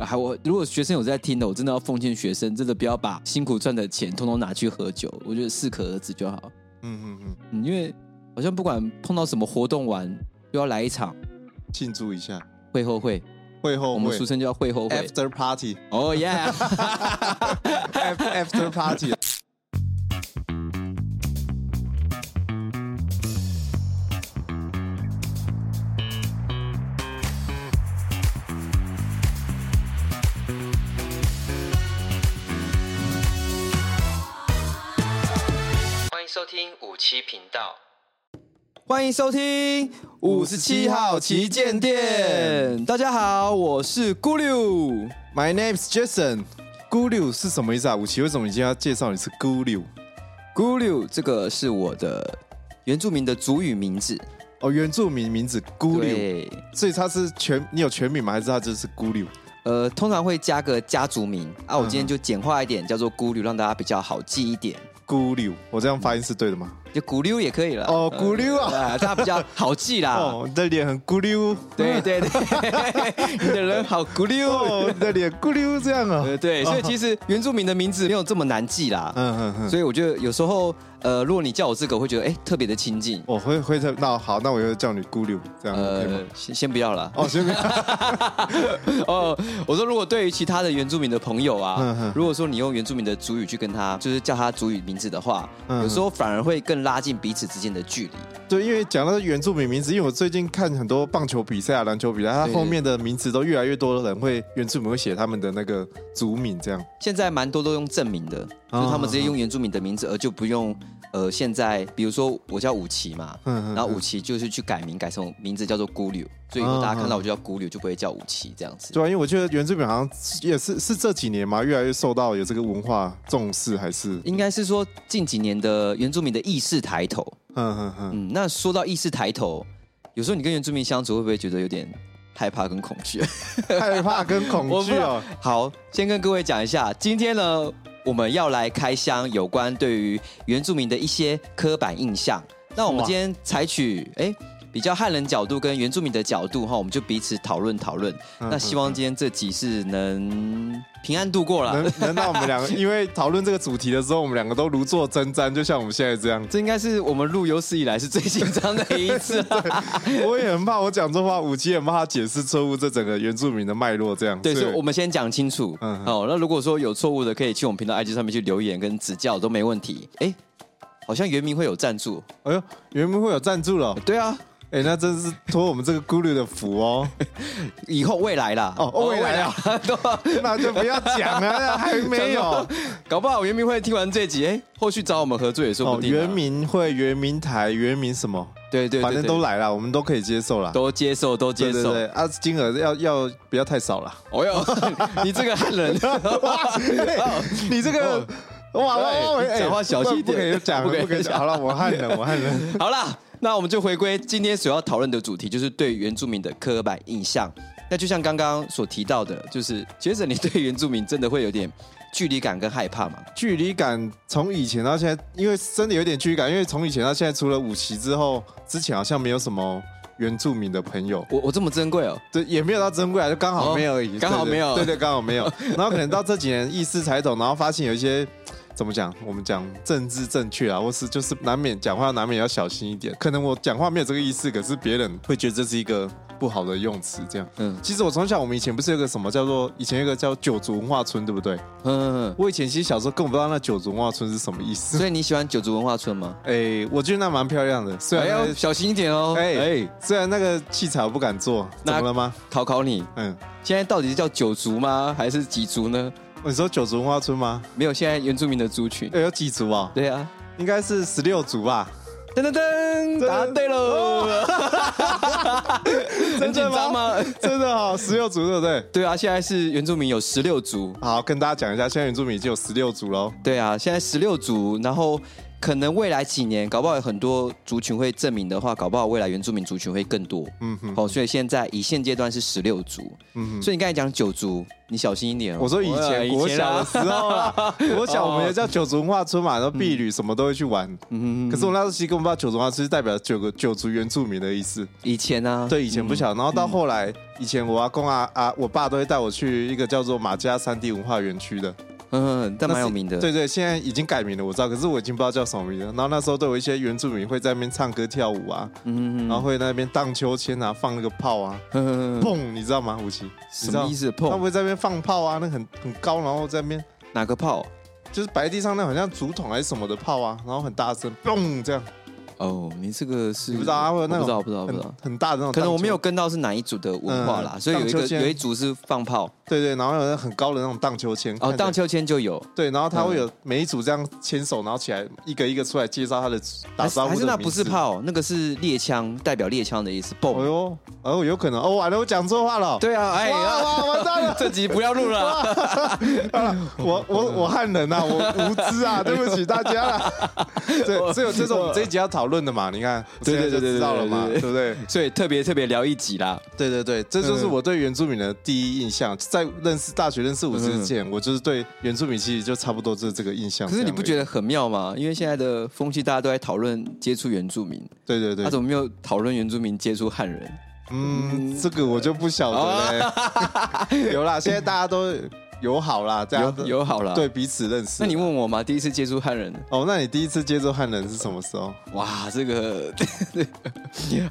啊，我如果學生有在聽的，我真的要奉勸學生，真的不要把辛苦賺的錢通通拿去喝酒，我覺得適可而止就好。嗯嗯嗯，嗯，因為好像不管碰到什麼活動完，都要來一場慶祝一下會後會、會後會，我們俗稱叫會後會 after party。Oh yeah，after party。 頻道，歡迎收聽五十七號奇鑑店。大家好，我是咕六，My name is Jason。咕六是什麼意思啊？五七，為什麼你今天要介紹你是咕六？咕六，這個是我的原住民的族語名字。哦，原住民名字咕六，對所以它是全，你有全名嗎？還是他就是咕六？呃，通常會加個家族名啊。我今天就簡化一點，嗯、叫做咕六，讓大家比較好記一點。咕六，我這樣發音是對的嗎？嗯就咕溜也可以了哦，咕溜啊，他比較好記啦。哦，你的臉很咕溜，對對對，你的人好咕溜哦，你的臉咕溜這樣啊？對，所以其實原住民的名字沒有這麼難記啦。嗯哼哼。所以我覺得有時候，呃，如果你叫我這個，我會覺得哎特別的親近。我會會那好，那我就叫你咕溜這樣。呃，先先不要了。哦，先不要。哦，我說如果對於其他的原住民的朋友啊，如果說你用原住民的族語去跟他，就是叫他族語名字的話，有時候反而會更。拉近彼此之間的距離。對，因為講到原住民名字，因為我最近看很多棒球比賽啊、籃球比賽，他對後面的名字都越來越多的人會原住民會寫他們的那個族名，這樣現在蠻多都用正名的。就他們直接用原住民的名字，而就不用呃，現在比如說我叫武奇嘛，然後武奇就是去改名改成名字叫做孤旅，所以，以後大家看到我就叫孤旅，就不會叫武奇這樣子。對啊，因為我覺得原住民好像也是是這幾年嘛，越來越受到有這個文化重視，還是應該是說近幾年的原住民的意識抬頭。嗯嗯嗯。那說到意識抬頭，有時候你跟原住民相處，會不會覺得有點害怕跟恐懼？害怕跟恐懼哦。好，先跟各位講一下，今天呢。我們要來開箱有關對於原住民的一些刻板印象。那我們今天採取欸。哇欸比較漢人角度跟原住民的角度哈，我們就彼此討論討論。嗯嗯嗯那希望今天這集是能平安度過了。能到我們兩個， 因為討論這個主題的時候，我們兩個都如坐針氈，就像我們現在這樣。這應該是我們錄有史以來是最緊張的一次 對。 我也很怕我講錯話，五七也很怕解釋錯誤這整個原住民的脈絡這樣。對，所以我們先講清楚。嗯嗯好，那如果說有錯誤的，可以去我們頻道 IG 上面去留言跟指教都沒問題。哎、欸，好像原民會有贊助。哎呦，原民會有贊助了。對啊。哎，那真是托我們這個顧慮的福哦！以後未來啦哦，未來了，那就不要講了，還沒有，搞不好原民會聽完這集，哎，後續找我們合作也說不定。哦，原民會、原民台、原民什麼？對對，反正都來了，我們都可以接受了，都接受，都接受。對對，啊，金額要要不要太少了。哦喲，你這個漢人，哇，你這個哇哦，講話小心點，不可以講，不可以講。好了，我漢人，我漢人，好了。那我們就回歸今天所要討論的主題，就是對原住民的刻板印象。那就像剛剛所提到的，就是 Jason，你對原住民真的會有點距離感跟害怕嗎？距離感從以前到現在，因為真的有點距離感，因為從以前到現在，除了57之後，之前好像沒有什麼原住民的朋友。我我這麼珍貴哦，對，也沒有到珍貴啊，就剛好沒有而已、哦、剛好沒有剛好沒有，對對，剛好沒有。 然後可能到這幾年意識才懂，然後發現有一些。怎麼講？我們講政治正確啊，或是就是難免講話難免要小心一點。可能我講話沒有這個意思，可是別人會覺得這是一個不好的用詞，這樣。嗯。其實我從小，我們以前不是有個什麼叫做以前有個叫九族文化村，對不對？嗯嗯，嗯，我以前其實小時候根本不知道那九族文化村是什麼意思。所以你喜歡九族文化村嗎？哎、欸，我覺得那蠻漂亮的。雖然要、哎、小心一點哦。哎哎、欸，雖然那個器材我不敢做，怎麼了嗎？考考你。嗯。現在到底是叫九族嗎，還是幾族呢？你說九族文化村嗎？沒有，現在原住民的族群，有幾族啊、哦？對啊，應該是十六族吧？噔噔噔，答對嘍！真的 很緊張嗎？ 真的好、哦，十六族對不對？對啊，現在是原住民有十六族，好，跟大家講一下，現在原住民已經有十六族嘍。對啊，現在十六族，然後。可能未來幾年，搞不好有很多族群會正名的話，搞不好未來原住民族群會更多。嗯哼，好、哦，所以現在以現階段是十六族。嗯哼，所以你剛才講九族，你小心一點、哦。我說以前國小的時候、啊，我 國小我們也叫九族文化村嘛，然後畢旅什麼都會去玩。嗯哼哼哼，可是我那時候其實根本不知道九族文化村是代表九個九族原住民的意思。以前啊，對，以前不曉得。嗯、哼然後到後來，以前我阿公啊啊，我爸都會帶我去一個叫做馬家三地文化園區的。嗯，但蠻有名的。對對，現在已經改名了，我知道。可是我已經不知道叫什麼名字。然後那時候都有一些原住民會在那邊唱歌跳舞啊，嗯哼哼，然後會在那邊盪秋千啊，放那個炮啊，呵呵呵砰，你知道嗎？武器，你什麼意思？砰，他會在那邊放炮啊，那很很高，然後在那邊哪個炮？就是擺在地上那好像竹筒還是什麼的炮啊，然後很大聲，砰，這樣。哦，你這個是不知道啊，不知道，不知道，不知道很，很大的那種。可能我沒有跟到是哪一組的文化啦，嗯、所以有一個鞦有一組是放炮。對對，然後有很高的那種盪秋千哦，盪秋千就有對，然後他會有每一組這樣牽手，然後起來一個一個出來介紹他的打招呼還是，還是那不是炮，哦，那個是獵槍，代表獵槍的意思。嘣！哎呦，哦有可能哦，完、啊、了，我講錯話了。對啊，哎呀，這集不要錄了。啊、我我我漢人啊，我無知啊，對不起大家了。這這這們這一集要討論的嘛？你看，對對就知道了嘛，對不對？所以特別特別聊一集啦。對對對，嗯、這就是我對原住民的第一印象。在認識大學認識57之前，呵呵，我就是對原住民其實就差不多是這個印象。可是你不覺得很妙嗎？因為現在的風氣，大家都在討論接觸原住民，對對對，他、啊、怎麼沒有討論原住民接觸漢人？嗯，嗯，這個我就不曉得了、啊、 有啦，現在大家都。 友好啦，這樣友好啦、哦，對彼此認識。那你問我嘛，第一次接觸漢人。哦，那你第一次接觸漢人是什麼時候？哇，這個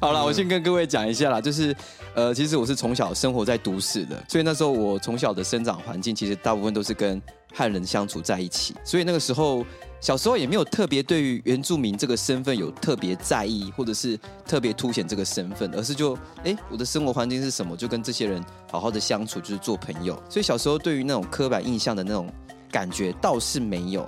好啦，我先跟各位講一下啦，就是呃，其實我是從小生活在都市的，所以那時候我從小的生長環境其實大部分都是跟漢人相處在一起，所以那個時候。小時候也沒有特別對於原住民這個身份有特別在意，或者是特別凸顯這個身份，而是就哎，我的生活環境是什麼，就跟這些人好好的相處，就是做朋友。所以小時候對於那種刻板印象的那種感覺倒是沒有，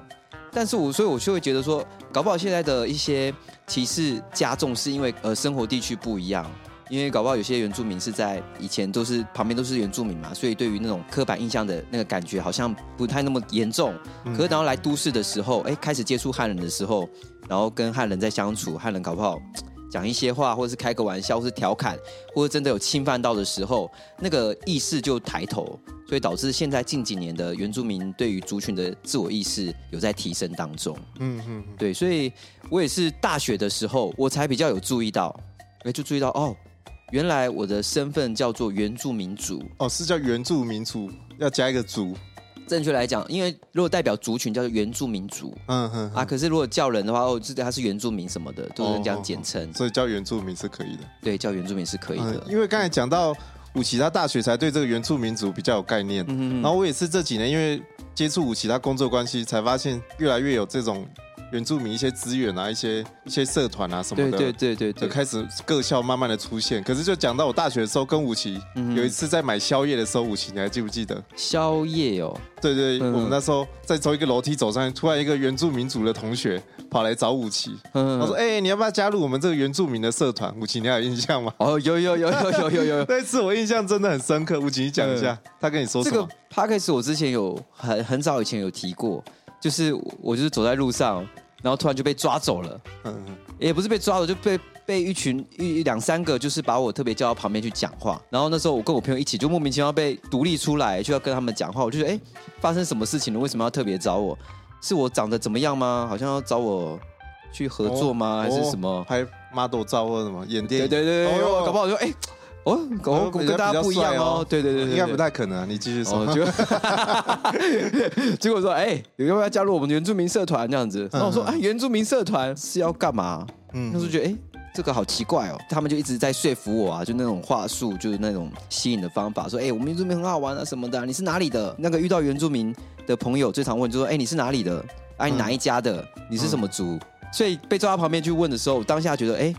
但是我所以我就會覺得說，搞不好現在的一些歧視加重，是因為呃生活地區不一樣。因為搞不好有些原住民是在以前都是旁邊都是原住民嘛，所以對於那種刻板印象的那個感覺好像不太那麼嚴重。可是等到來都市的時候，哎，開始接觸漢人的時候，然後跟漢人在相處，漢人搞不好講一些話，或者是開個玩笑，或是調侃，或者真的有侵犯到的時候，那個意識就抬頭，所以導致現在近幾年的原住民對於族群的自我意識有在提升當中。嗯嗯，對，所以我也是大學的時候我才比較有注意到，哎，就注意到哦。原來我的身份叫做原住民族哦，是叫原住民族，要加一個族。正確來講，因為如果代表族群叫做原住民族，嗯哼。嗯嗯啊，可是如果叫人的話，哦，記他是原住民什麼的，都、就是這樣簡稱、哦哦哦，所以叫原住民是可以的。對，叫原住民是可以的。嗯、因為剛才講到五七，對五七他大學才對這個原住民族比較有概念，嗯嗯，然後我也是這幾年因為接觸五七，他工作關係才發現越來越有這種。原住民一些資源啊，一些一些社團啊什麼的，對對對對，就開始各校慢慢的出現。可是就講到我大學的時候，跟吳奇有一次在買宵夜的時候，吳奇你還記不記得？宵夜哦，對對，我們那時候在從一個樓梯走上去，突然一個原住民族的同學跑來找武奇，他說：“哎，你要不要加入我們這個原住民的社團？”武奇，你還有印象嗎？哦，有有有有有有有，那一次我印象真的很深刻。吳奇，你講一下，他跟你說什麼？這個 Podcast 我之前有很很早以前有提過，就是我就是走在路上。然後突然就被抓走了，也不是被抓走，就被被一群一兩三個就是把我特別叫到旁邊去講話。然後那時候我跟我朋友一起，就莫名其妙被獨立出來，就要跟他們講話。我就覺得，哎、欸，發生什麼事情了？為什麼要特別找我？是我長得怎麼樣嗎？好像要找我去合作嗎？哦哦、還是什麼？拍 model 照或什麼？演電影？對對對，搞不好就哎。欸哦，狗跟大家不一樣哦。比較比較哦對對對,對，應該不太可能、啊。你繼續說、哦。結果, 結果說，哎、欸，有要不要加入我們原住民社團這樣子？然後我說，嗯、哼啊，原住民社團是要幹嘛？嗯哼，他就覺得，哎、欸，這個好奇怪哦。他們就一直在說服我啊，就那種話術，就是那種吸引的方法，說，哎、欸，我們原住民很好玩啊什麼的。你是哪裡的？那個遇到原住民的朋友最常問，就是說，哎、欸，你是哪裡的？哎、啊，哪一家的？嗯、你是什麼族？所以被抓到旁邊去問的時候，當下覺得，哎、欸。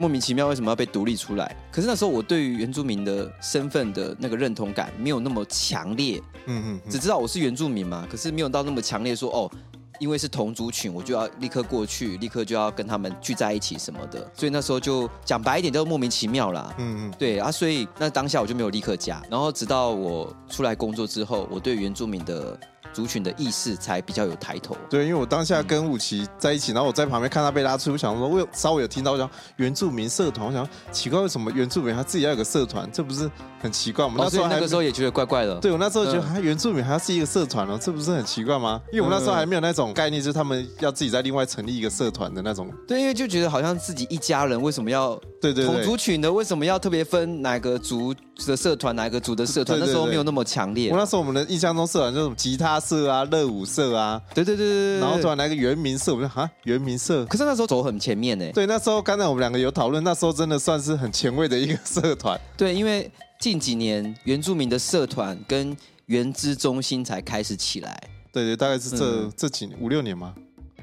莫名其妙，為什麼要被獨立出來？可是那時候我對於原住民的身份的那個認同感沒有那麼強烈，嗯嗯，只知道我是原住民嘛。可是沒有到那麼強烈說，說哦，因為是同族群，我就要立刻過去，立刻就要跟他們聚在一起什麼的。所以那時候就講白一點，都莫名其妙啦，嗯嗯哼，對啊。所以那當下我就沒有立刻加。然後直到我出來工作之後，我對原住民的。族群的意識才比較有抬頭。對，因為我當下跟武奇在一起，然後我在旁邊看他被拉出，我想說，我有稍微有聽到我想，原住民社團，我想奇怪為什麼原住民他自己要有個社團，這不是很奇怪嗎？我們那時候、哦、那個時候也覺得怪怪的。對，我那時候覺得，原住民還要是一個社團了、哦，嗯、這是不是很奇怪嗎？因為我們那時候還沒有那種概念，就是他們要自己再另外成立一個社團的那種。對，因為就覺得好像自己一家人為什麼要對對對，同族群的為什麼要特別分哪個族的社團，哪個族的社團？對對對對，那時候沒有那麼強烈。我那時候我們的印象中，社團就是吉他社啊，樂舞社啊，對對對，對，對，對，然後突然來個原民社，我說啊，原民社，可是那時候走很前面呢、欸。對，那時候剛才我們兩個有討論，那時候真的算是很前衛的一個社團。對，因為近幾年原住民的社團跟原資中心才開始起來。對,對對，大概是這、嗯、這幾五六年嗎？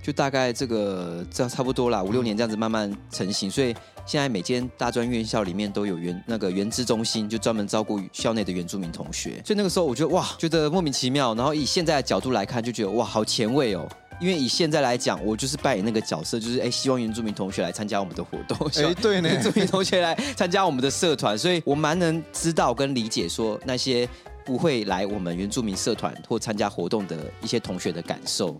就大概這個這差不多啦，五六年這樣子慢慢成型，嗯、所以。現在每間大專院校裡面都有原那個原資中心，就專門照顧校內的原住民同學。所以那個時候，我覺得哇，覺得莫名其妙。然後以現在的角度來看，就覺得哇，好前衛哦因為以現在來講，我就是扮演那個角色，就是哎，希望原住民同學來參加我們的活動。哎，對，原住民同學來參加我們的社團，所以我蠻能知道跟理解說那些不會來我們原住民社團或參加活動的一些同學的感受。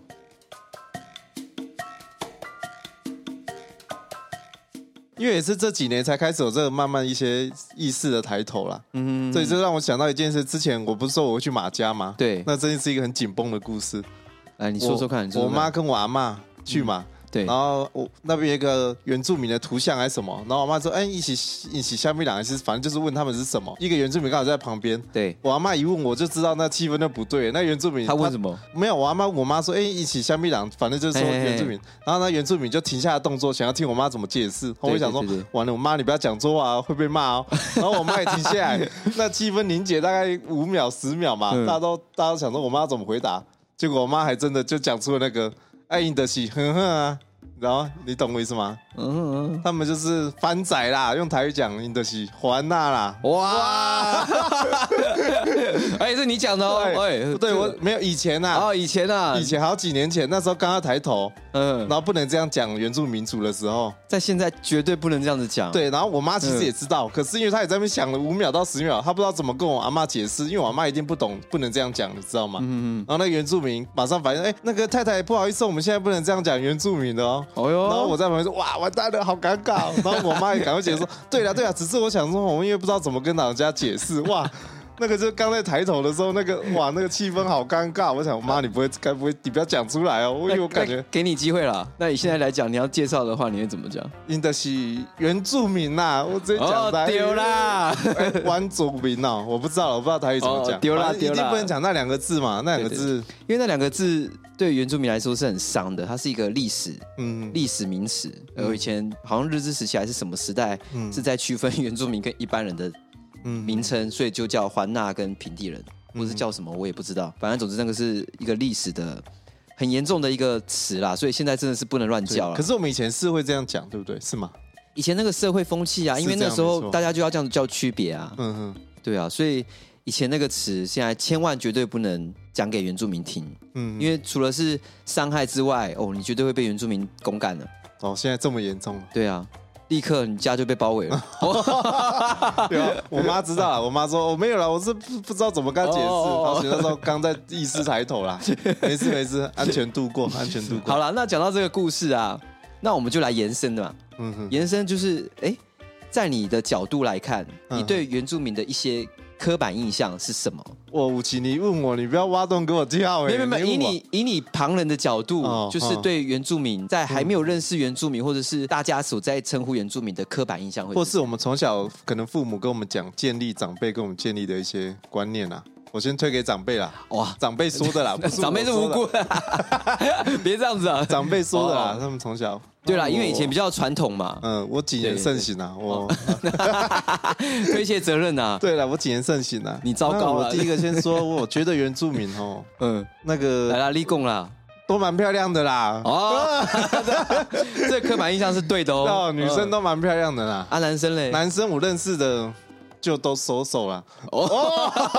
因為也是這幾年才開始有這個慢慢一些意識的抬頭啦。嗯，所以這讓我想到一件事，之前我不是說我會去馬家嗎？對，那真的是一個很緊繃的故事。來，你說說看，我媽跟我阿嬤去嘛對，然後我那邊有一個原住民的圖像還是什麼，然後我媽說，哎、欸，一起一起下面黨反正就是問他們是什麼，一個原住民剛好在旁邊。對，我阿媽一問，我就知道那氣氛就不對。那原住民他,他問什麼？沒有，我阿媽我媽說，哎、欸，一起下面黨，反正就是說原住民。嘿嘿嘿然後那原住民就停下來動作，想要聽我媽怎麼解釋。後我想說，完了，我媽你不要講錯話，會被罵哦、喔。然後我媽也停下來， 那氣氛凝結大概五秒十秒嘛、嗯大，大家都大家想說我媽怎麼回答，結果我媽還真的就講出了那個。愛因的希哼哼啊，你知道嗎？你懂我意思嗎？嗯，嗯，他們就是翻仔啦，用台語講，你德去還娜啦，哇！哎且哇、 欸、是你講的哦、喔，哎對，欸、對我沒有以前吶、啊，哦，以前吶、啊，以前好幾年前，那時候剛剛抬頭，嗯，然後不能這樣講原住民族的時候，在現在絕對不能這樣子講，對。然後我媽其實也知道，嗯、可是因為她也在那邊想了五秒到十秒，她不知道怎麼跟我阿媽解釋，因為我阿媽一定不懂，不能這樣講，你知道嗎？嗯嗯。然後那個原住民馬上反應，哎、欸，那個太太不好意思，我們現在不能這樣講原住民的、喔、哦呦。哦喲。然後我在旁邊說，哇，我。大家好尷尬，然後我媽也趕快解釋 對啊，對啊，只是我想說，我們也不知道怎麼跟老人家解釋，哇。” 那個就剛才抬頭的時候，那個哇，那個氣氛好尷尬。我想，我媽，你不會，該不會，你不要講出來哦。那我有感覺，給你機會了。那你現在來講，嗯、你要介紹的話，你會怎麼講？應該是原住民吶。我直接講台語丟、哦、啦，原、 欸、住民啊，我不知道，我不知道台語怎麼講，丟、哦、啦，丟啦，一定不能講那兩個字嘛，那兩個字，對對對，因為那兩個字對原住民來說是很傷的，它是一個歷史，嗯，歷史名詞。而我以前好像日治時期還是什麼時代，嗯、是在區分原住民跟一般人的。嗯，名稱，所以就叫“環娜”跟“平地人”，嗯、哼或是叫什麼，我也不知道。反正、嗯、哼總之，那個是一個歷史的很嚴重的一個詞啦，所以現在真的是不能亂叫了。可是我們以前是會這樣講，對不對？是嗎？以前那個社會風氣啊，因為那時候錯大家就要這樣子叫區別啊。嗯哼，對啊，所以以前那個詞，現在千萬絕對不能講給原住民聽。嗯哼，因為除了是傷害之外，哦，你絕對會被原住民公幹的。哦，現在這麼嚴重了？對啊。立刻，你家就被包圍了。 我媽知道了，我媽說我、哦、沒有啦，我是不不知道怎麼跟她解釋。然後那時候剛在意識抬頭啦， 沒事沒事，安全度過，安全度過。好了，那講到這個故事啊，那我們就來延伸的嘛。嗯、哼延伸就是，哎、欸，在你的角度來看，你對原住民的一些。刻板印象是什麼？我五七，你問我，你不要挖洞給我跳、欸。哎！沒沒沒以你以你旁人的角度，哦、就是對原住民，在還沒有認識原住民，嗯、或者是大家所在稱呼原住民的刻板印象，或是我們從小可能父母跟我們講，建立長輩跟我們建立的一些觀念啊。我先推給長輩啦，哇，長輩說的啦，長輩是無辜的，別這樣子啊，長輩說的啦，他們從小、嗯、對啦，因為以前比較傳統嘛，嗯，我謹言慎行啊，我對對對 推卸責任啊，對啦，我謹言慎行啊，你糟糕了，我第一個先說，我覺得原住民哦，嗯，那個來啦，立功啦，都蠻漂亮的啦，哦， 這刻板印象是對的哦、喔，女生都蠻漂亮的啦，啊，男生嘞，男生我認識的。就都收手了。哦，oh oh!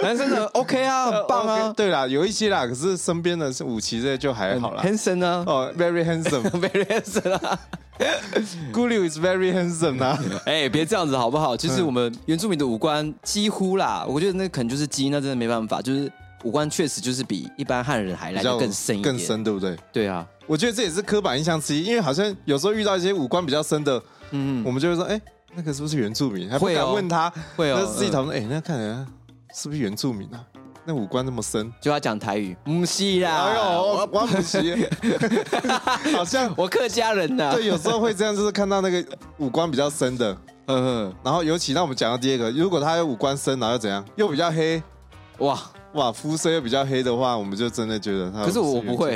男生的 OK 啊，很棒啊！Uh, okay, 對啦，有一些啦，可是身邊的是武器這些就還好啦。Handsome 啊，哦、oh,，very handsome，very handsome，Guliu、啊、 is very handsome 啊！哎，別這樣子好不好？其、就、實、是、我們原住民的五官幾乎啦，我覺得那可能就是基因，那真的沒辦法。就是五官確實就是比一般漢人還來得更深一點更深對不對？對啊，我覺得這也是刻板印象之一，因為好像有時候遇到一些五官比較深的，嗯，我們就會說，哎、欸。那個是不是原住民？還不敢問他，會哦。他自己討論，哎、呃欸，那看人家是不是原住民啊？那五官那麼深，就要講台語。不是啦，哎呦，我我，我不，我不 好像我客家人的、啊。對，有時候會這樣，就是看到那個五官比較深的，嗯。然後尤其那我們講到第二個，如果他有五官深，然後又怎樣，又比較黑，哇哇膚色又比較黑的話，我們就真的覺得他有有。可是我不會、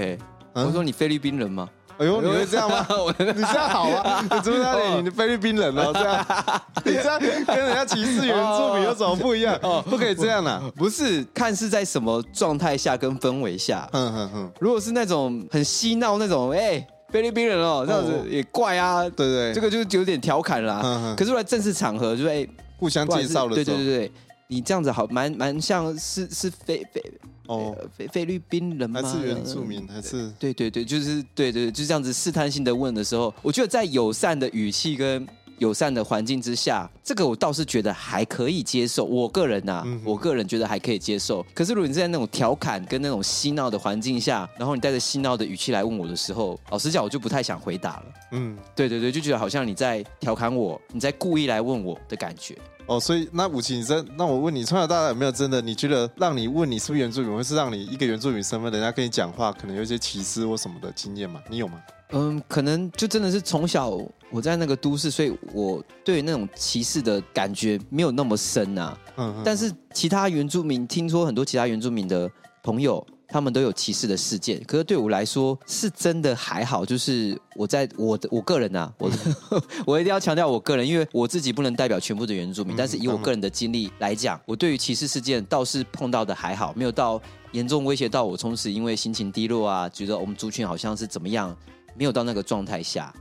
欸。我說你菲律賓人嗎？嗯哎呦，你會這樣嗎？你這樣好啊，你怎麼差點菲律賓人哦，這樣，你這樣跟人家歧視原住民有什麼不一樣？不可以這樣啦。不是，看是在什麼狀態下跟氛圍下。嗯嗯嗯。如果是那種很嬉鬧那種，哎，菲律賓人哦，這樣子也怪啊。對對，這個就是有點調侃啦。可是來正式場合，就哎，互相介紹了。對對對對，你這樣子好，蠻蠻像是是菲菲。哦、oh, 哎，菲律賓人嗎？還是原住民？還是對對對，就是對，對對，就這樣子試探性的問的時候，我覺得在友善的語氣跟友善的環境之下，這個我倒是覺得還可以接受。我個人吶、啊，我個人覺得還可以接受。嗯、哼，可是如果你在那種調侃跟那種嬉鬧的環境下，然後你帶着嬉鬧的語氣來問我的時候，老實講，我就不太想回答了。嗯，對對對，就覺得好像你在調侃我，你在故意來問我的感覺。哦，所以那57，你真那我問你，從小到大有沒有真的？你覺得讓你問你是不是原住民，或是讓你一個原住民身份，人家跟你講話，可能有一些歧視或什麼的經驗嗎？你有嗎？嗯，可能就真的是從小我在那個都市，所以我對那種歧視的感覺沒有那麼深啊。嗯，嗯嗯，但是其他原住民，聽說很多其他原住民的朋友。他們都有歧視的事件，可是對我來說是真的還好。就是我在我的我個人啊，我、嗯、 我一定要強調我個人，因為我自己不能代表全部的原住民。嗯、但是以我個人的經歷來講，我對於歧視事件倒是碰到的還好，沒有到嚴重威脅到我，從此因為心情低落啊，覺得我們族群好像是怎麼樣，沒有到那個狀態下。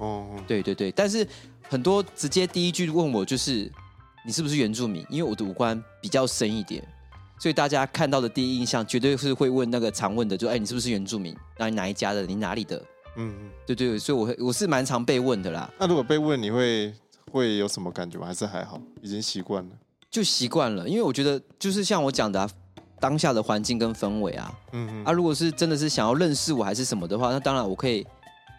哦、嗯，對對對，但是很多直接第一句問我就是你是不是原住民？因為我的五官比較深一點。所以大家看到的第一印象，絕對是會問那個常問的，就哎、欸，你是不是原住民？那你哪一家的？你哪裡的？嗯嗯哼，對、對對，所以我會我是蠻常被問的啦。那、啊、如果被問，你會會有什麼感覺嗎？還是還好，已經習慣了？就習慣了，因為我覺得就是像我講的、啊，當下的環境跟氛圍啊，嗯嗯哼，啊，如果是真的是想要認識我還是什麼的話，那當然我可以。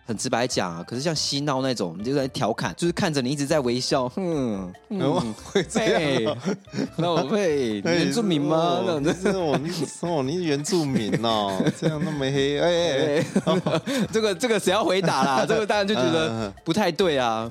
很直白講啊，可是像嬉鬧那種，你就是、在調侃，就是看着你一直在微笑，嗯，會這樣，那我會 原住民嗎？那種我，哦， 你哦，你是原住民哦， 這樣那麼黑，哎，哎，哎，這個這個誰要回答啦、啊？ 這個當然就覺得不太對啊，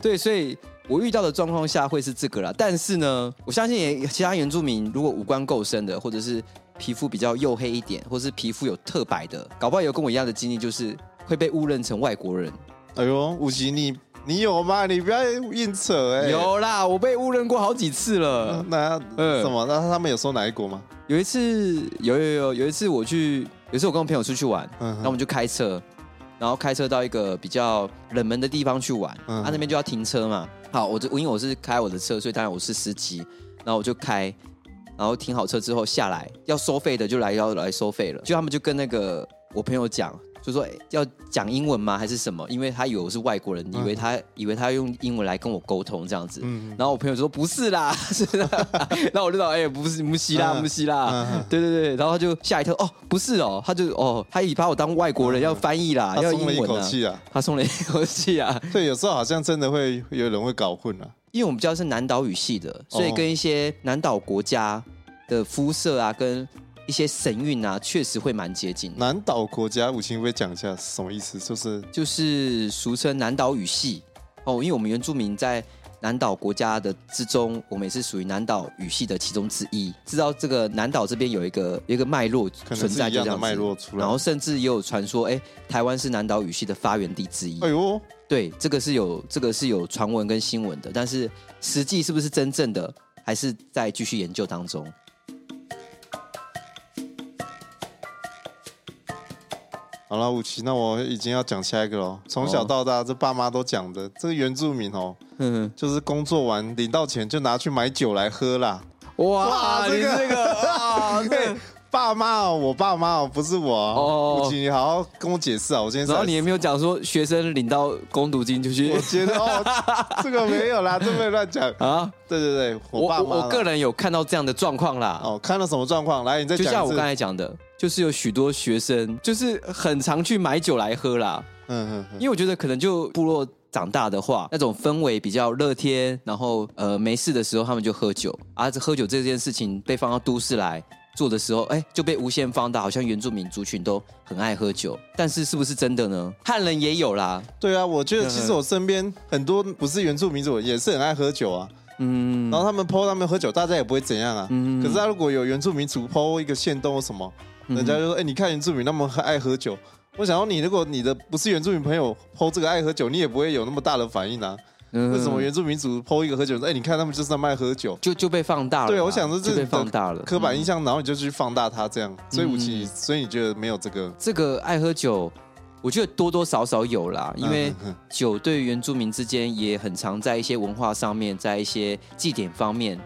對，所以我遇到的狀況下會是這個啦，但是呢，我相信也有其他原住民如果五官夠深的，或者是皮膚比較黝黑一點，或者是皮膚有特白的，搞不好有跟我一樣的經歷，就是。會被誤認成外國人。哎呦，57，你你有嗎？你不要硬扯哎、欸。有啦，我被誤認過好幾次了。那、嗯、什麼？那他們有說哪一國嗎？有一次，有有有有一次，我去，有一次我跟我朋友出去玩，那、嗯、哼我們就開車，然後開車到一個比較冷門的地方去玩，他、嗯哼啊、那邊就要停車嘛。好，我就因為我是開我的車，所以當然我是司機。然後我就開，然後停好車之後下來，要收費的就來要來收費了。就他們就跟那個我朋友講。就說、欸、要講英文嗎？還是什麼？因為他以為我是外國人，嗯、哼以為他以為他用英文來跟我溝通這樣子。嗯、哼然後我朋友就說不是啦， 然後我就說哎、欸，不是木西啦木西啦，對對對。然後他就嚇一跳，哦，不是哦，他就哦，他以為把我當外國人要翻譯啦，嗯、哼要英文、啊、他鬆了一口氣啊。他鬆了一口氣啊。對、啊，所以有時候好像真的會有人會搞混了、啊。因為我們比較是南島語系的，所以跟一些南島國家的膚色啊，跟。一些神韻啊，確實會蠻接近南島國家。武清會不會講一下什麼意思？就是就是俗稱南島語系哦，因為我們原住民在南島國家的之中，我們也是屬於南島語系的其中之一。知道這個南島這邊有一個有一個脈絡存在，就這樣脈絡出來。然後甚至也有傳說，哎、欸，台灣是南島語系的發源地之一。哎呦，對這，這個是有這個是有傳聞跟新聞的，但是實際是不是真正的，還是在繼續研究當中。好了，57，那我已經要講下一個嘍。從小到大，這爸媽都講的，這個原住民哦，嗯，就是工作完領到錢就拿去買酒來喝了。哇，你這個啊，對，爸媽，我爸媽哦，不是我哦，57，你好好跟我解釋啊。我今天早上，然後你有沒有講說學生領到工讀金就去？我覺得這個沒有啦，這沒有亂講啊。對對對，我我個人有看到這樣的狀況啦。哦，看到什麼狀況？來，你再講就像我剛才講的。就是有許多學生，就是很常去買酒來喝啦。嗯嗯，因為我覺得可能就部落長大的話，那種氛圍比較熱天，然後呃沒事的時候他們就喝酒。而且喝酒這件事情被放到都市來做的時候，欸，哎就被無限放大，好像原住民族群都很愛喝酒，但是是不是真的呢？漢人也有啦。對啊，我覺得其實我身邊很多不是原住民族也是很愛喝酒啊。嗯，然後他們 PO 他們喝酒，大家也不會怎樣啊。嗯，可是他、啊、如果有原住民族 PO 一個限動或什麼？人家就說：“哎、嗯哼欸，你看原住民那麼愛喝酒。”我想說你，如果你的不是原住民朋友，碰這個愛喝酒，你也不會有那麼大的反應啊。嗯、為什麼原住民族碰一個喝酒？哎、欸，你看他們就是那麼愛喝酒，就就被，就被放大了。對，我想說這被放大了刻板印象，嗯、然後你就去放大它，這樣。所以武器，所以你覺得沒有這個嗯嗯這個愛喝酒？我覺得多多少少有啦，因為酒對原住民之間也很常在一些文化上面，在一些祭典方面。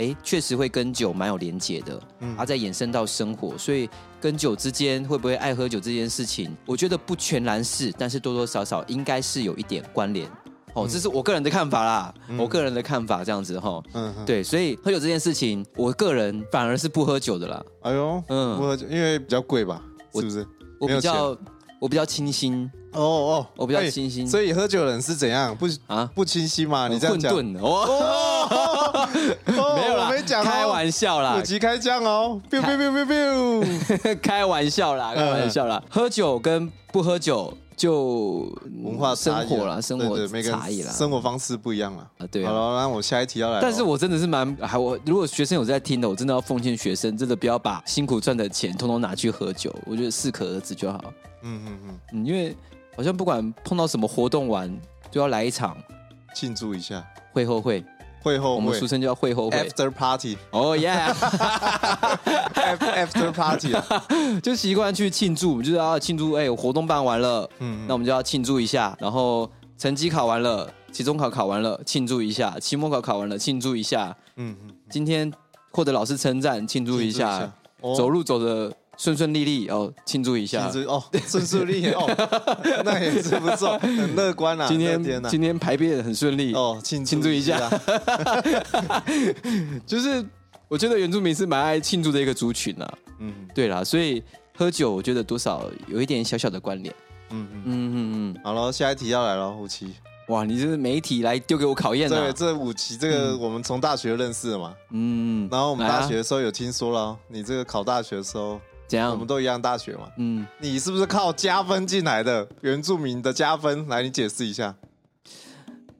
哎，確實會跟酒蠻有連結的，而，在延伸到生活，所以跟酒之間會不會愛喝酒這件事情，我覺得不全然是，但是多多少少應該是有一點關聯。哦，嗯、這是我個人的看法啦，嗯、我個人的看法，這樣子哈、哦嗯，嗯，對，所以喝酒這件事情，我個人反而是不喝酒的啦。哎呦，嗯，不喝酒，因為比較貴吧，是不是？我，我比較，我比較清新。哦哦，我比較清新。所以喝酒的人是怎樣？不啊不清新嗎？你在混沌哦，沒有啦，我沒講，開玩笑啦，不急開腔哦，biu biu biu biu biu，開玩笑啦，開玩笑啦，喝酒跟不喝酒就文化差異啦，生活差異啦。生活方式不一樣了啊。對，好了，那我下一題要來，但是我真的是蠻還我，如果學生有在聽的，我真的要奉勸學生，真的不要把辛苦賺的錢通通拿去喝酒，我覺得適可而止就好。嗯嗯嗯，因為。好像不管碰到什麼活動完，就要來一場慶祝一下會後會會後會，會後會我們俗稱叫會後會 after party。哦、oh,，yeah，after party，啊，就習慣去慶祝，就是要慶祝。哎，我活動辦完了，嗯哼，那我們就要慶祝一下。然後成績考完了，期中考考完了，慶祝一下；期末考考完了，慶祝一下。嗯哼，今天獲得老師稱讚，慶祝一下。一下哦、走路走的。順順利利哦，慶祝一下！慶祝哦，順順利哦，那也是不錯，很樂觀啊！今天今天排便很順利哦，慶慶祝一下，就是我覺得原住民是蠻愛慶祝的一個族群啊。嗯，對啦，所以喝酒，我覺得多少有一點小小的關聯。嗯嗯嗯，嗯。好了，下一題要來了，五七。哇，你是媒體來丟給我考驗的？對，這五七這個我們從大學認識的嘛。嗯，然後我們大學的時候有聽說了，你這個考大學的時候。怎樣？我們都一樣大學嘛，嗯，你是不是靠加分進來的？原住民的加分，來你解釋一下。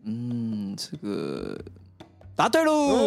嗯，這個答對嘍，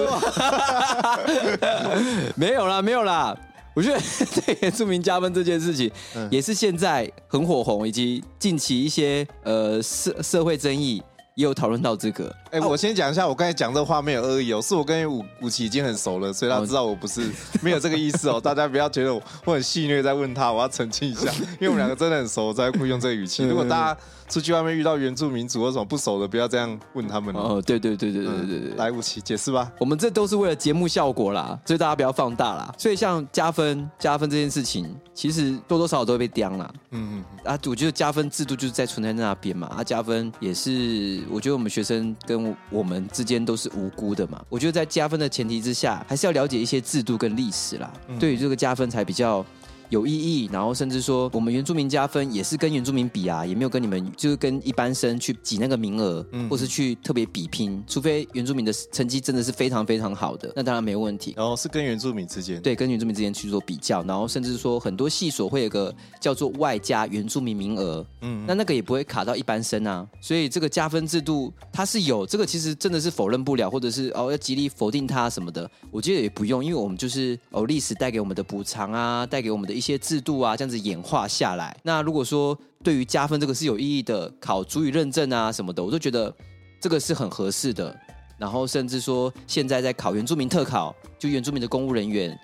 沒有啦，沒有啦。我覺得對 原住民加分這件事情，嗯、也是現在很火紅，以及近期一些呃社社會爭議。也有討論到這個，哎、欸，我先講一下，我剛才講這話沒有惡意、喔，哦，是我跟武武奇已經很熟了，所以他知道我不是沒有這個意思哦、喔， 大家不要覺得我，我很戲謔在問他，我要澄清一下， 因為我們兩個真的很熟，我才會用這個語氣， 如果大家，出去外面遇到原住民族或什麼不熟的，不要這樣問他們哦。對對對對對對，對，對、嗯、來57解釋吧。我們這都是為了節目效果啦，所以大家不要放大啦。所以像加分加分這件事情，其實多多少少都會被刁啦。嗯嗯。嗯嗯啊，我覺得加分制度就是在存在在那邊嘛。啊，加分也是，我覺得我們學生跟我們之間都是無辜的嘛。我覺得在加分的前提之下，還是要了解一些制度跟歷史啦，嗯、對於這個加分才比較有意義，然後甚至說我們原住民加分也是跟原住民比啊，也沒有跟你們，就是跟一般生去擠那個名額，嗯，或是去特別比拼，除非原住民的成績真的是非常非常好的，那當然沒問題。哦，是跟原住民之間，對，跟原住民之間去做比較，然後甚至說很多系所會有個叫做外加原住民名額，嗯，那那個也不會卡到一般生啊，所以這個加分制度它是有這個，其實真的是否認不了，或者是哦要極力否定它什麼的，我覺得也不用，因為我們就是哦歷史帶給我們的補償啊，帶給我們的一。些制度啊，這樣子演化下來。那如果說對於加分這個是有意義的，考族語認證啊什麼的，我都覺得這個是很合適的。然後甚至說，現在在考原住民特考，就原住民的公務人員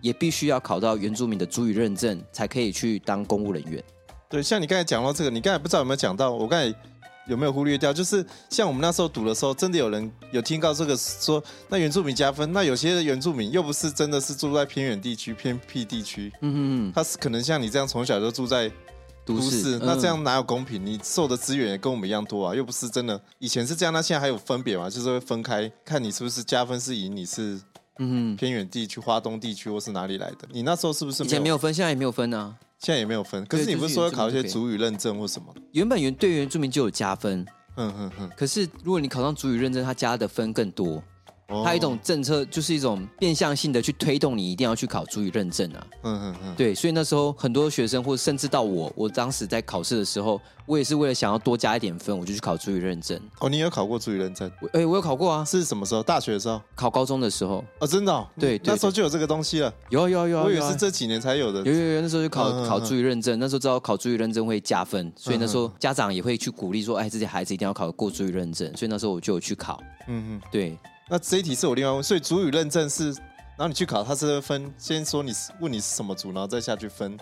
也必須要考到原住民的族語認證，才可以去當公務人員。對，像你剛才講到這個，你剛才不知道有沒有講到，我剛才。有沒有忽略掉？就是像我們那時候讀的時候，真的有人有聽到這個說，那原住民加分，那有些原住民又不是真的是住在偏遠地區、偏僻地區。嗯哼嗯，他是可能像你這樣從小就住在都市，嗯、那這樣哪有公平？你受的資源也跟我們一樣多啊，又不是真的。以前是這樣，那現在還有分別嗎？就是會分開看你是不是加分是以你是嗯偏遠地區、花東地區、或是哪裡來的？你那時候是不是以前沒有分，現在也沒有分呢、啊？現在也沒有分，可是你不是說要考一些族語認證或什麼？就是、原、住民原本原對原住民就有加分，哼哼哼。嗯嗯、可是如果你考上族語認證，他加的分更多。它一種政策，就是一種變相性的去推動你一定要去考族語認證啊。嗯嗯嗯。對，所以那時候很多學生，或甚至到我，我當時在考試的時候，我也是為了想要多加一點分，我就去考族語認證。哦，你有考過族語認證？哎，我有考過啊！是什麼時候？大學的時候？考高中的時候？啊，真的？對，那時候就有這個東西了。有啊，有啊，有啊。我以為是這幾年才有的。有有有，那時候就考考族語認證，那時候知道考族語認證會加分，所以那時候家長也會去鼓勵說：“哎，自己孩子一定要考過族語認證。”所以那時候我就有去考。嗯嗯。對。那這一題是我另外問，所以族語認證是，然後你去考，他是分先說你是問你是什麼族，然後再下去分，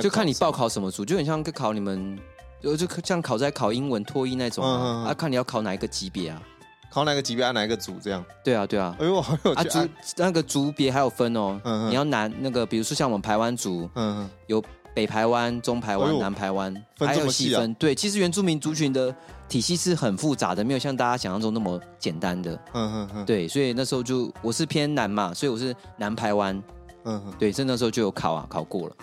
就看你報考什麼族，就很像考你們，就就像考在考英文多益那種啊，嗯嗯嗯啊，看你要考哪一個級別啊，考哪個級別、啊、按哪一個族這樣，對啊對啊，對啊哎呦，好有趣啊，族那個族別還有分哦，嗯嗯嗯，你要拿那個，比如說像我們排灣族，嗯，嗯嗯，有。北排灣、中排灣、哦、呦南排灣，分這麼細分還有細分。啊、對，其實原住民族群的體系是很複雜的，沒有像大家想象中那麼簡單的。嗯嗯嗯。嗯嗯對，所以那時候就我是偏南嘛，所以我是南排灣、嗯。嗯嗯。對，所以那時候就有考啊，考過了。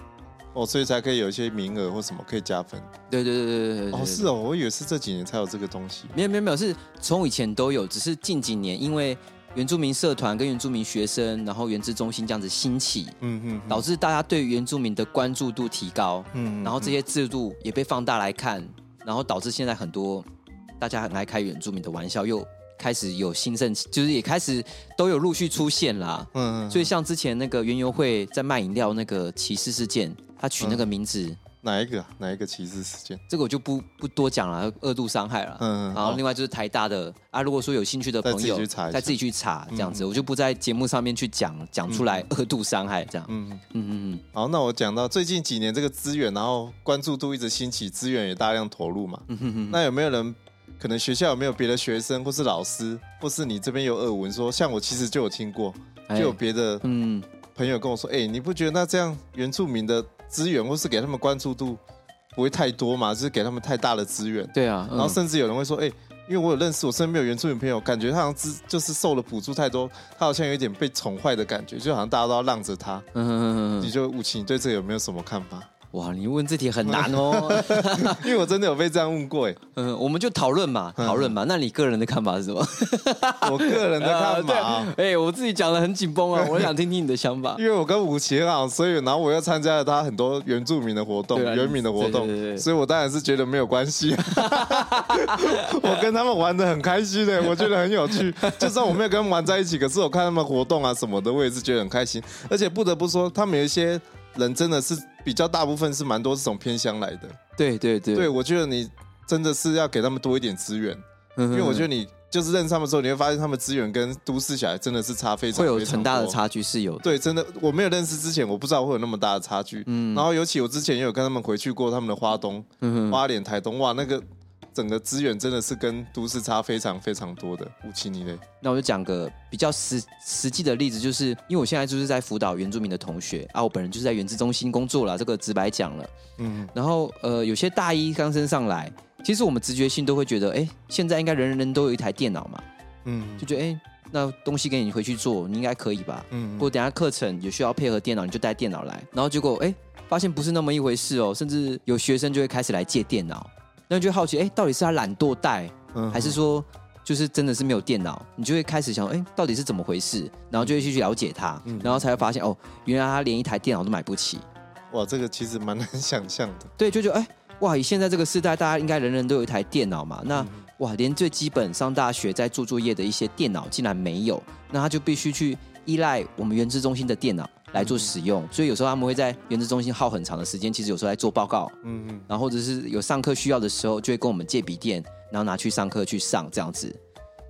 哦，所以才可以有一些名額或什麼可以加分。對對,對對對對對對。哦，是哦，我以為是這幾年才有這個東西。沒有沒有沒有，是從以前都有，只是近幾年因為。原住民社團跟原住民學生，然後原資中心這樣子興起，嗯哼，嗯嗯導致大家對原住民的關注度提高，嗯，嗯然後這些制度也被放大來看，然後導致現在很多大家很愛開原住民的玩笑，又開始有興盛，就是也開始都有陸續出現啦。嗯，嗯嗯所以像之前那個園遊會在賣飲料那個歧視事件，他取那個名字。嗯哪一個、啊？哪一個歧視事件？這個我就不不多講了，二度傷害了。嗯，然後另外就是台大的、嗯、啊，如果說有興趣的朋友，再自己去查，自己去查這樣子，嗯、哼我就不在節目上面去講講出來二度傷害這樣。嗯哼嗯嗯哼。好，那我講到最近幾年這個資源，然後關注度一直興起，資源也大量投入嘛。嗯、哼哼那有沒有人？可能學校有沒有別的學生，或是老師，或是你這邊有耳聞說？像我其實就有聽過，欸、就有別的嗯朋友跟我說，哎、嗯欸，你不覺得那這樣原住民的？資源或是給他們關注度不會太多嘛？就是給他們太大的資源。對啊，嗯、然後甚至有人會說：“哎、欸，因為我有認識，我身邊沒有原住民的朋友，感覺他好像只就是受了補助太多，他好像有一點被寵壞的感覺，就好像大家都要讓着他。嗯哼哼哼哼”嗯，你覺得57對這個有沒有什麼看法？哇，你問這題很難哦、喔， 因為我真的有被這樣問過哎。 嗯，我們就討論嘛，討論嘛。那你個人的看法是什麼？ 我個人的看法，哎、呃欸，我自己講的很緊繃啊，我想聽聽你的想法。因為我跟武奇啊，所以然後我又參加了他很多原住民的活動，啊、原民的活動，對對對對。所以我當然是覺得沒有關係。 我跟他們玩的很開心的、欸，我覺得很有趣。就算我沒有跟他們玩在一起，可是我看他們活動啊什麼的，我也是覺得很開心。而且不得不說，他們有一些人真的是。比較大部分是蠻多是從偏鄉來的，對對對，對，對我覺得你真的是要給他們多一點資源，嗯哼因為我覺得你就是認識他們之後，你會發現他們資源跟都市小孩真的是差非常，非常會有很大的差距，是有對真的，我沒有認識之前，我不知道會有那麼大的差距，嗯，然後尤其我之前也有跟他們回去過他們的花東、花蓮、台東，哇，那個。整個資源真的是跟都市差非常非常多的，五七年勒。那我就講個比較實實際的例子，就是因為我現在就是在輔導原住民的同學啊，我本人就是在原子中心工作了，這個直白講了。嗯。然後呃，有些大一剛升上來，其實我們直覺性都會覺得，哎，現在應該人人都有一台電腦嘛，嗯，就覺得，哎，那東西給你回去做，你應該可以吧？嗯，嗯。不過等一下課程也需要配合電腦，你就帶電腦來。然後結果，哎，發現不是那麼一回事哦，甚至有學生就會開始來借電腦。那就好奇，哎、欸，到底是他懶惰帶，還是說就是真的是沒有電腦？嗯、哼你就會開始想，哎、欸，到底是怎麼回事？然後就會去了解他，嗯、哼然後才會發現，哦，原來他連一台電腦都買不起。哇，這個其實蠻難想象的。對，就覺得，哎、欸，哇，以現在這個世代，大家應該人人都有一台電腦嘛。那、嗯、哼哇，連最基本上大學在做作業的一些電腦竟然沒有，那他就必須去依賴我們原資中心的電腦。來做使用，所以有時候他們會在原子中心耗很長的時間。其實有時候來做報告，嗯哼，然後或者是有上課需要的時候，就會跟我們借筆電，然後拿去上課去上這樣子。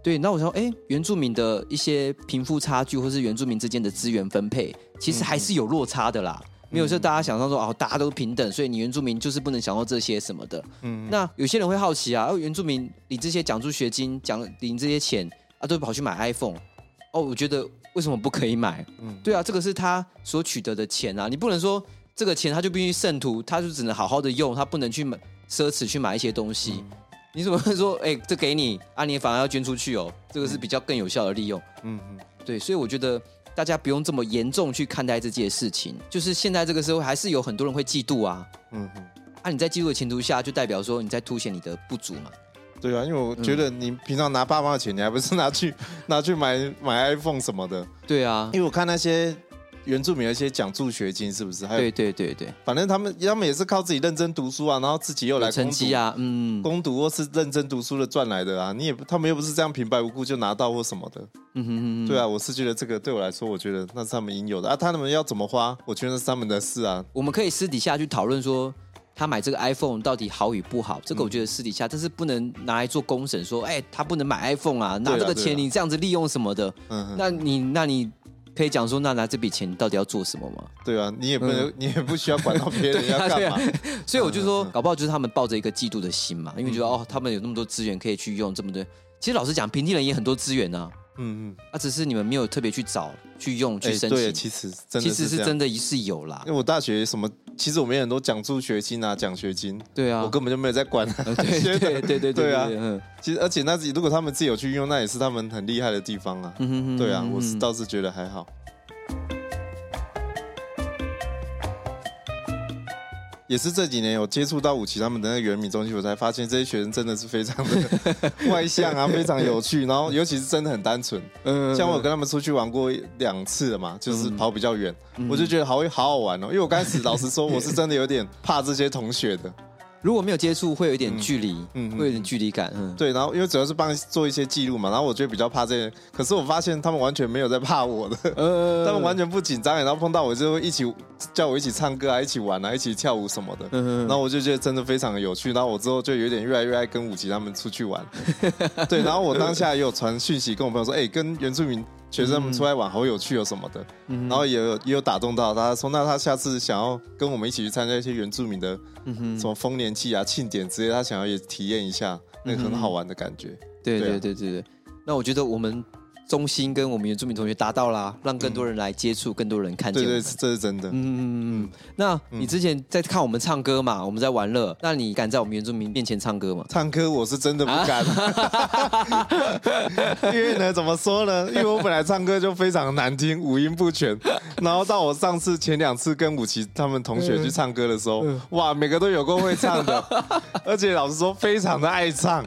對，那我想說，哎，原住民的一些貧富差距，或是原住民之間的資源分配，其實還是有落差的啦。嗯、哼沒有說大家想象說哦，大家都平等，所以你原住民就是不能享受這些什麼的。嗯哼，那有些人會好奇啊，哦，原住民領這些獎助學金，獎領這些錢啊，都跑去買 iPhone，哦，我覺得。為什麼不可以買？嗯，對啊，這個是他所取得的錢啊，你不能說這個錢他就必須省著，他就只能好好的用，他不能去買奢侈，去買一些東西。嗯、你怎麼會說？哎、欸，這給你啊，你反而要捐出去哦，這個是比較更有效的利用。嗯，嗯對，所以我覺得大家不用這麼嚴重去看待這件事情。就是現在這個社會還是有很多人會嫉妒啊。嗯哼，啊，你在嫉妒的前提下，就代表說你在凸顯你的不足嘛。對啊，因為我覺得你平常拿爸媽的錢，嗯、你還不是拿去拿去買買 iPhone 什麼的？對啊，因為我看那些原住民，有一些獎助學金是不是？還有對對對對，反正他們他們也是靠自己認真讀書啊，然後自己又來工讀成績啊，嗯，工讀或是認真讀書的賺來的啊，你也他們又不是這樣平白無故就拿到或什麼的。嗯哼哼,哼，對啊，我是覺得這個對我來說，我覺得那是他們應有的啊，他們要怎麼花，我覺得那是他們的事啊，我們可以私底下去討論說。他買這個 iPhone 到底好與不好？這個我覺得私底下，嗯、但是不能拿來做公審，說，哎、欸，他不能買 iPhone 啊，拿這個錢你這樣子利用什麼的？嗯、啊啊，那你那你可以講說，那拿這筆錢你到底要做什麼嗎？對啊，你也不能，嗯、你也不需要管到別人要幹嘛。 對啊對啊，所以我就說，嗯、哼哼搞不好就是他們抱着一個嫉妒的心嘛，因為覺得、嗯、哦，他們有那麼多資源可以去用，這麼多。其實老實講，平地人也很多資源啊。嗯嗯哼。啊，只是你們沒有特別去找、去用、去申請。欸、對、啊，其實真的，其實是真的，一是有啦。因為我大學什麼。其實我們有很多獎助學金啊，獎學金，對啊，我根本就沒有在管，啊、對對對對對，對，對, 對啊。其實，而且那自己如果他們自己有去用，那也是他們很厲害的地方啊。嗯哼哼嗯哼對啊，我是倒是覺得還好。也是這幾年有接觸到57他們的那個原民中心，我才發現這些學生真的是非常的外向啊， 非常有趣，然後尤其是真的很單純。嗯，像我有跟他們出去玩過兩次了嘛，嗯、就是跑比較遠，嗯、我就覺得好好好玩哦、喔。因為我剛開始老實說，我是真的有點怕這些同學的。如果沒有接觸，會有一點距離、嗯嗯，嗯，會有點距離感。對，然後因為主要是幫做一些記錄嘛，然後我覺得比較怕這些。可是我發現他們完全沒有在怕我的，呃、他們完全不緊張、欸，然後碰到我之後一起叫我一起唱歌啊，一起玩啊，一起跳舞什麼的。嗯、哼然後我就覺得真的非常有趣。然後我之後就有點越來越愛跟武吉他們出去玩。嗯、哼對，然後我當下也有傳訊息跟我朋友說，哎、嗯哼欸，跟原住民。學生們出來玩好有趣哦，什麼的，嗯哼，然後也有也有打動到他，說，那他下次想要跟我們一起去參加一些原住民的什麼豐年祭啊慶典之類，他想要也體驗一下那個很好玩的感覺。對對對對對，那我覺得我們。中心跟我們原住民同學達到啦，讓更多人來接觸，嗯、更多人看見。對，對對，這是真的。嗯嗯嗯。那嗯你之前在看我們唱歌嘛？我們在玩樂，那你敢在我們原住民面前唱歌嗎？唱歌我是真的不敢，啊、 因為呢，怎麼說呢？因為我本來唱歌就非常難聽，五音不全。然後到我上次前兩次跟武奇他們同學去唱歌的時候，嗯、哇，每個都有夠會唱的， 而且老實說，非常的愛唱。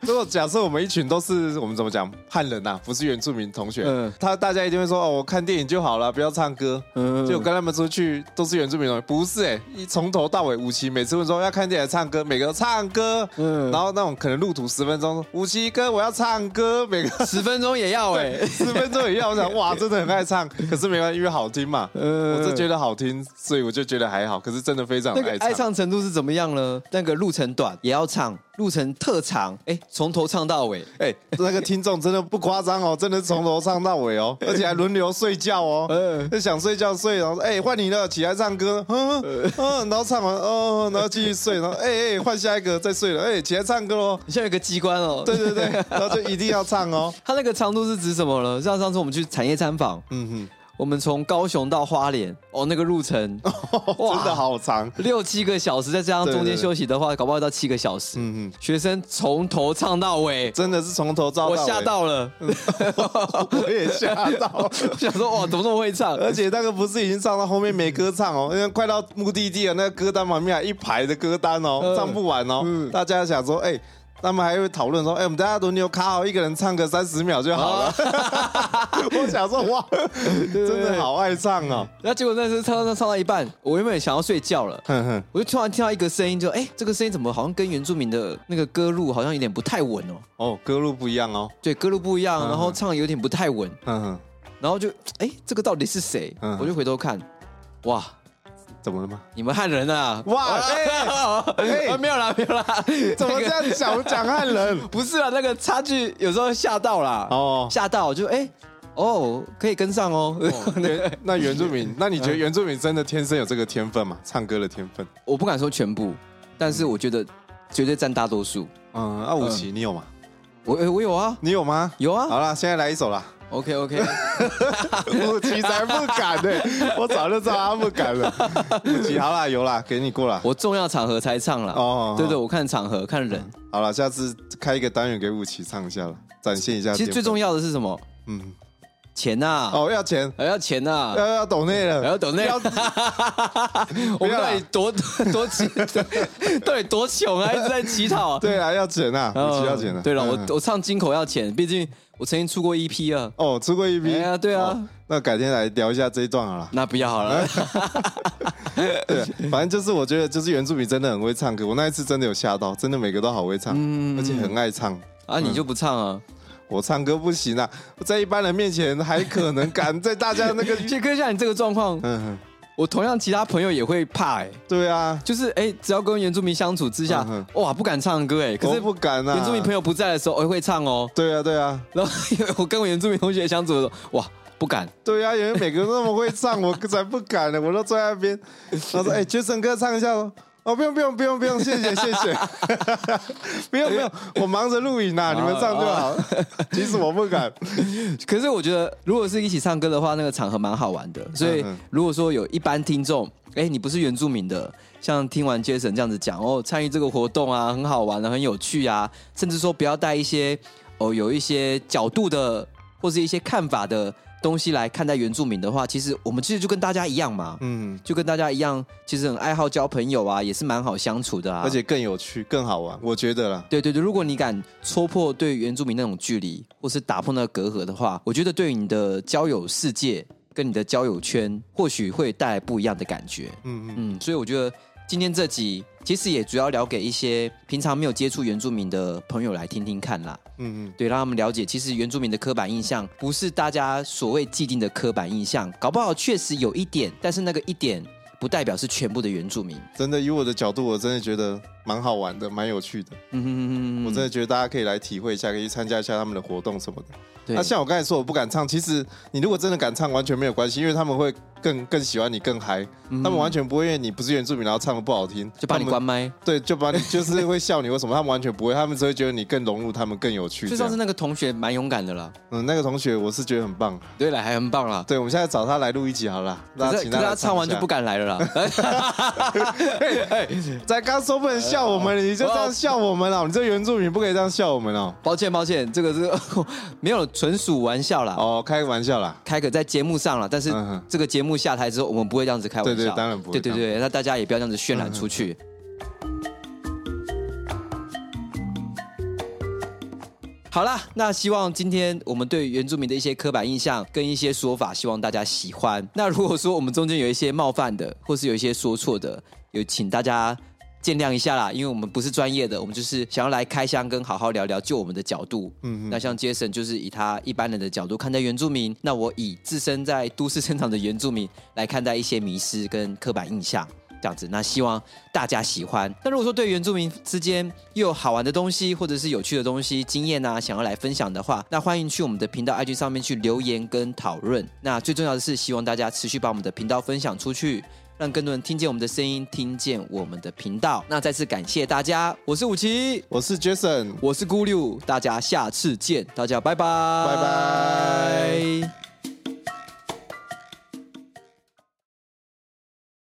如果假設我們一群都是我們怎麼講漢人吶、啊？不是原住民同學，嗯、他大家一定會說哦，我看電影就好了，不要唱歌。嗯、就跟他們出去都是原住民同學，不是哎、欸，從頭到尾57每次問說要看電影唱歌，每個都唱歌，嗯、然後那種可能路途十分鐘，57哥我要唱歌，每個十分鐘也要哎、欸，十分鐘也要，我想哇，真的很愛唱，對，可是沒辦法，因為好聽嘛，嗯、我就覺得好聽，所以我就覺得還好，可是真的非常愛那個愛唱程度是怎麼樣呢？那個路程短也要唱。路程特長，哎，從頭唱到尾，哎，那個聽眾真的不誇張哦，真的從頭唱到尾哦，而且還輪流睡覺哦，誒想睡覺睡，然後說，哎，換你了，起來唱歌，嗯、啊、嗯、啊，然後唱完，哦，然後繼續睡，然後，哎哎，換下一個再睡了，哎，起來唱歌嘍、哦，你現在有個機關哦，對對對，然後就一定要唱哦，他那個長度是指什麼呢？像上次我們去產業參訪，嗯哼。我們從高雄到花蓮，哦，那個路程哇，真的好長，六七個小時。再加上中間休息的話，搞不好要到七個小時。嗯嗯，學生從頭唱到尾，真的是從頭唱到尾。我嚇到了，我也嚇到了。想說哇，怎麼這麼會唱？而且那個不是已經唱到後面沒歌唱，哦，因為快到目的地了，那個歌單上面還一排的歌單哦，唱不完哦。大家想說哎。他們還會討論說：“哎、欸，我們大家都牛有卡好，一個人唱個三十秒就好了。好了” 我想說，哇，真的好愛唱哦。那結果那時候唱唱唱到一半，我原本想要睡覺了，嗯嗯、我就突然聽到一個聲音，就哎、欸，這個聲音怎麼好像跟原住民的那個歌路好像有點不太穩哦。哦，歌路不一樣哦。對，歌路不一樣，然後唱得有點不太穩、嗯。嗯哼。嗯嗯然後就哎、欸，這個到底是誰？嗯嗯、我就回頭看，哇！怎麼了嗎？你們漢人啊？哇，沒有啦，沒有啦，怎麼這樣講講漢人？不是啦，那個差距有時候嚇到啦。哦，嚇到就哎，哦，可以跟上哦。那原住民，那你覺得原住民真的天生有這個天分嗎？唱歌的天分？我不敢說全部，但是我覺得絕對佔大多數。嗯，啊，57，你有嗎？我我有啊。你有嗎？有啊。好啦，現在來一首啦。OK OK， 57才不敢呢、欸， 我早就知道他不敢了。57，好啦，有啦，給你過了。我重要場合才唱啦哦，好好對對，我看場合看人。嗯、好了，下次開一個單元給57唱一下了，展現一下。其實最重要的是什麼？嗯。錢啊！哦，要錢，還要錢吶！要要抖內了，還要抖內。不要，我們到底多多錢？對，多窮啊，一直在乞討。對啊，要錢吶，乞要錢的。對了，我我唱《金口》要錢，畢竟我曾經出過 EP 啊。哦，出過 EP。啊？對啊。那改天來聊一下這一段好了。那不要好了。對，反正就是我覺得，就是原住民真的很會唱歌，我那一次真的有嚇到，真的每個都好會唱，而且很愛唱啊！你就不唱啊？我唱歌不行啊，我在一般人面前還可能敢，在大家那個切割一下你這個狀況，嗯，我同樣其他朋友也會怕哎，對啊，就是哎、欸，只要跟原住民相處之下，哇，不敢唱歌哎、欸，可是不敢啊，原住民朋友不在的時候，我會唱哦，對啊對啊，然後我跟我原住民同學相處的時候，哇，不敢，對啊，因為每個人那麼會唱，我才不敢呢、欸，我都坐在那邊，他說哎，Jason 哥，唱一下哦。哦，不用不用不用不用，謝謝謝謝，沒 有不，不用，我忙着錄影呢、啊， 你們唱就好，其實 我不敢。可是我覺得，如果是一起唱歌的話，那個場合蠻好玩的。所以，如果說有一般聽眾，哎、欸，你不是原住民的，像聽完 Jason 這樣子講哦，參與這個活動啊，很好玩的、啊，很有趣啊，甚至說不要帶一些哦，有一些角度的，或是一些看法的。東西來看待原住民的話，其實我們其實就跟大家一樣嘛，嗯，就跟大家一樣，其實很愛好交朋友啊，也是蠻好相處的啊，而且更有趣、更好玩，我覺得啦。對對對，如果你敢戳破對原住民那種距離，或是打破那個隔閡的話，我覺得對你的交友世界跟你的交友圈，或許會帶來不一樣的感覺。嗯嗯，嗯，所以我覺得今天這集。其實也主要聊給一些平常沒有接觸原住民的朋友來聽聽看啦，嗯嗯，對，讓他們了解，其實原住民的刻板印象不是大家所謂既定的刻板印象，搞不好確實有一點，但是那個一點不代表是全部的原住民。真的，以我的角度，我真的覺得。蠻好玩的，蠻有趣的，嗯哼嗯嗯嗯，我真的覺得大家可以來體會一下，可以去參加一下他們的活動什麼的。那對、啊、像我剛才說，我不敢唱，其實你如果真的敢唱，完全沒有關係，因為他們會更更喜歡你，更嗨，嗯、哼他們完全不會因為你不是原住民，然後唱的不好聽，就把你關麥，對，就把你就是會笑你為什麼， 他們完全不會，他們只會覺得你更融入他們，更有趣。就像是那個同學蠻勇敢的啦，嗯，那個同學我是覺得很棒，對，來還很棒啦，對，我們現在找他來錄一集好了，那請他，他唱完就不敢來了啦，在剛說不能笑。笑我們，哦、你就這樣笑我們了、啊？哦、你這原住民不可以這樣笑我們哦、啊！抱歉，抱歉，這個是、這個、沒有純屬玩笑啦。哦，開個玩笑啦，開個在節目上了。但是這個節目下台之後，我們不會這樣子開玩笑。嗯、對,對對，當然不會。對對對，那大家也不要這樣子渲染出去。嗯、哼好了，那希望今天我們對原住民的一些刻板印象跟一些說法，希望大家喜歡。那如果說我們中間有一些冒犯的，或是有一些說錯的，有請大家。見諒一下啦，因為我們不是專業的，我們就是想要來開箱跟好好聊聊，就我們的角度。嗯哼，那像杰森就是以他一般人的角度看待原住民，那我以自身在都市生長的原住民來看待一些迷失跟刻板印象，這樣子。那希望大家喜歡。那如果說對原住民之間又有好玩的東西，或者是有趣的東西、經驗啊，想要來分享的話，那歡迎去我們的頻道 IG 上面去留言跟討論。那最重要的是，希望大家持續把我們的頻道分享出去。讓更多人聽見我們的聲音，聽見我們的頻道。那再次感謝大家，我是57，我是 Jason，我是咕嚕。大家下次見，大家拜拜，拜拜。